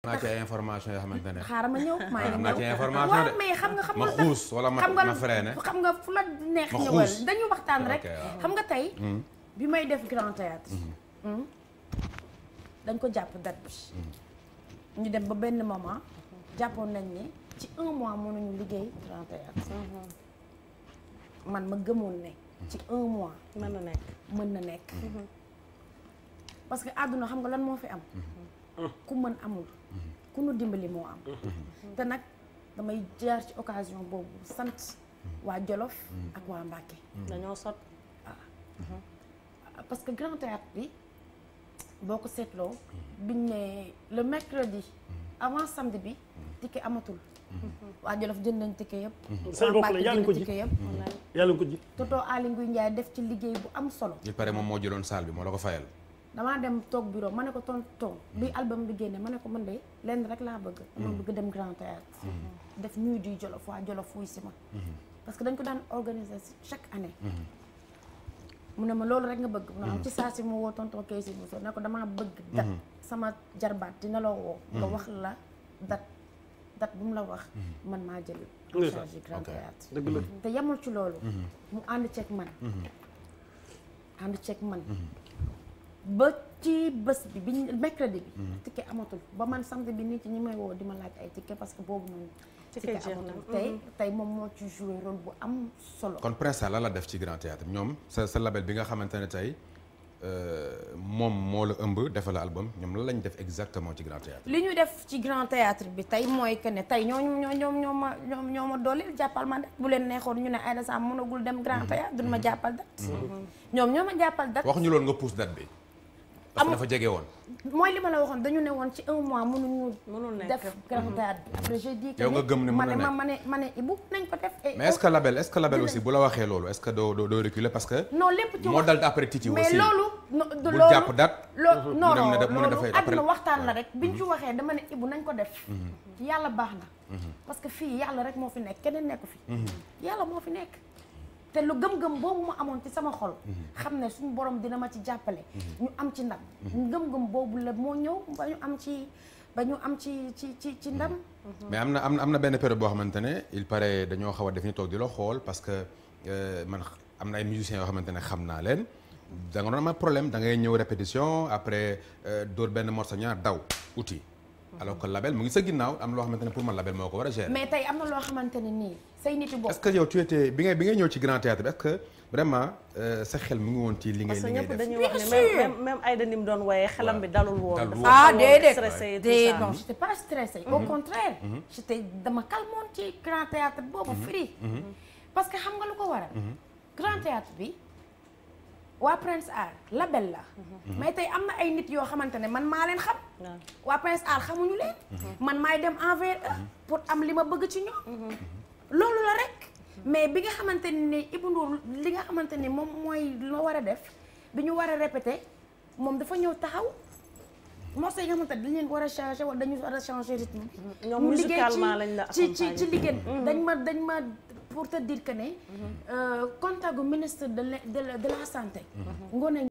naa ci yoo xamante ne. xaaral ma ñëw maa ngi ñëw ci information de. waaw mais xam nga xam nga ma xuus wala ma ma freiné. xam nga fu dañu waxtaan rek. xam nga tey. Hmm. bi may def grand théâtre hmm. Hmm, dañ ko jàpp date bi. ñu dem ba benn moment. jàppoon nañ ne ci un mois mënuñu liggéey grand théâtre man ma gëmoon ne. ci un mois. mën na nekk mën na nekk. parce que àdduna xam nga lan moo fi am. ku man amul ku nu dimbali mo am te nak damay jaar ci occasion bobu sante wa Jolof ak wa Mbàkke dañoo sot parce que grand théâtre bi boko setlo biñ né le mercredi avant samedi bi ticket amatul wa Jolof jënd nañ ticket yépp sa hmm. bopp la yàlla ko ji ticket hmm. ko ji toto ali Ngouille Ndiaye def ci liggéey bu am solo il paraît mom mo jëloon salle bi mo la ko fayal damaa dem toog bureau ma ne ko tonton luy album bi génne ma ne ko man de lenn rek laa bëgg mm-hmm. dama bëgg dem grand théâtre mm-hmm. def nuit du jolof waa jolof wuy si ma mm-hmm. parce que dañ ko daan organiser chaque année mu ne ma loolu rek nga bëgg mu ne am ci saa si mu woo tonton kay si soo ne ko damaa bëgg dat sama jarbaat dina la woo nga wax la dat dat bu mu la wax man maa jël charge te yemul ci loolu mu ànd ceeg man ànd ceeg man ba ci bi bi mercredi hmm. bi ticket amatul ba man samedi bi nit ñi may wo di ma laaj ay ticket parce que bobu non ticket amatul tay tay mom mo ci jouer rôle bu am solo kon Prince la la def ci grand théâtre ñom sa sa label bi nga xamantene tay nyom nyom nyom la nyom defal la album ñom la lañ def exactement ci grand théâtre li ñu def ci grand théâtre bi tay nyom que ne tay ñoo ñoo ñoo ñoo ma nyom ñoo ma nyom nyom ma nyom bu nyom nyom ñu ne sa nyom nyom dem grand hmm. théâtre duñ ma nyom dat ñom ñoo ma nyom dat wax ñu nyom nga pousse dat bi am dafa jege woon. mooy li ma waxoon dañu ne woon ci un mois mënuñu. def gravade. après mhm. yow nga gëm ne mën na nekk ma ne ma ne nañ ko def. mais est label est label aussi bu la waxee loolu est que doo doo reculer parce que. non lépp ci moo dal après Titi aussi mais loolu. loolu bul jàpp dat. Mhm. loolu non non loolu la mhm. waxee dama ne Ibou nañ ko def. yàlla baax na. parce que fii yàlla rek moo fi nekk keneen nekku fi. yàlla moo fi nekk. te lu gëm-gëm boobu ma amoon ci sama xol. Mhm. xam ne suñu borom dina ma ci jàppale. Mhm. ñu am ci ndam. Mhm. gëm-gëm boobu la moo ñëw ba ñu am ci ba ñu am ci ci ci ci ndam. mais am na am na benn période boo xamante ne il paraît dañoo xaw a def ñu toog di la xool parce que euh, man am na ay musiciens yoo xamante ne xam naa leen. da nga doon am problème da ngay ñëw répétition après euh, dóor benn morceau ñaar daw uti. alors que label mu ngi sa ginnaaw am loo xamante ne pour man label moo ko war a gérer. mais tey am na loo xamante ne nii say nit yu est ce que yow tu étais bi ngay bi ngay ñëw ci grand théâtre est ce que vraiment euh, sa xel mu ngi won ci li ngay li ngay def. parce que ñëpp dañuy wax ne même même ay da nim doon woyee xelam bi dalul woon. ah déedéet déedéet j'étais pas stressé au mhm. contraire. Mhm. j'étais dama calmoon ci grand théâtre bobu mhm. free. parce que xam nga lu ko waral. grand théâtre bi. waa Prince Art label la. Mhm. mais tey am na ay nit yoo xamante ne man maa leen xam. waa Prince Art xamuñu leen. Mhm. man maay dem envers eux mhm. pour am li ma bëgg ci ñoom. loolu la rek. mais bi nga xamante ni Ibou Ndour li nga xamante ni moom mooy loo war a def bi ñu war a répété moom dafa ñëw taxaw. morceaux yi nga xamante dañ leen war a changer wala dañu war a changer rythme bi. ñoom musicalement lañ la accompagner ci ci ci liggéey dañ ma dañ ma pour te dire que ne. Euh, contact gu ministre de la de la santé. Mm-hmm.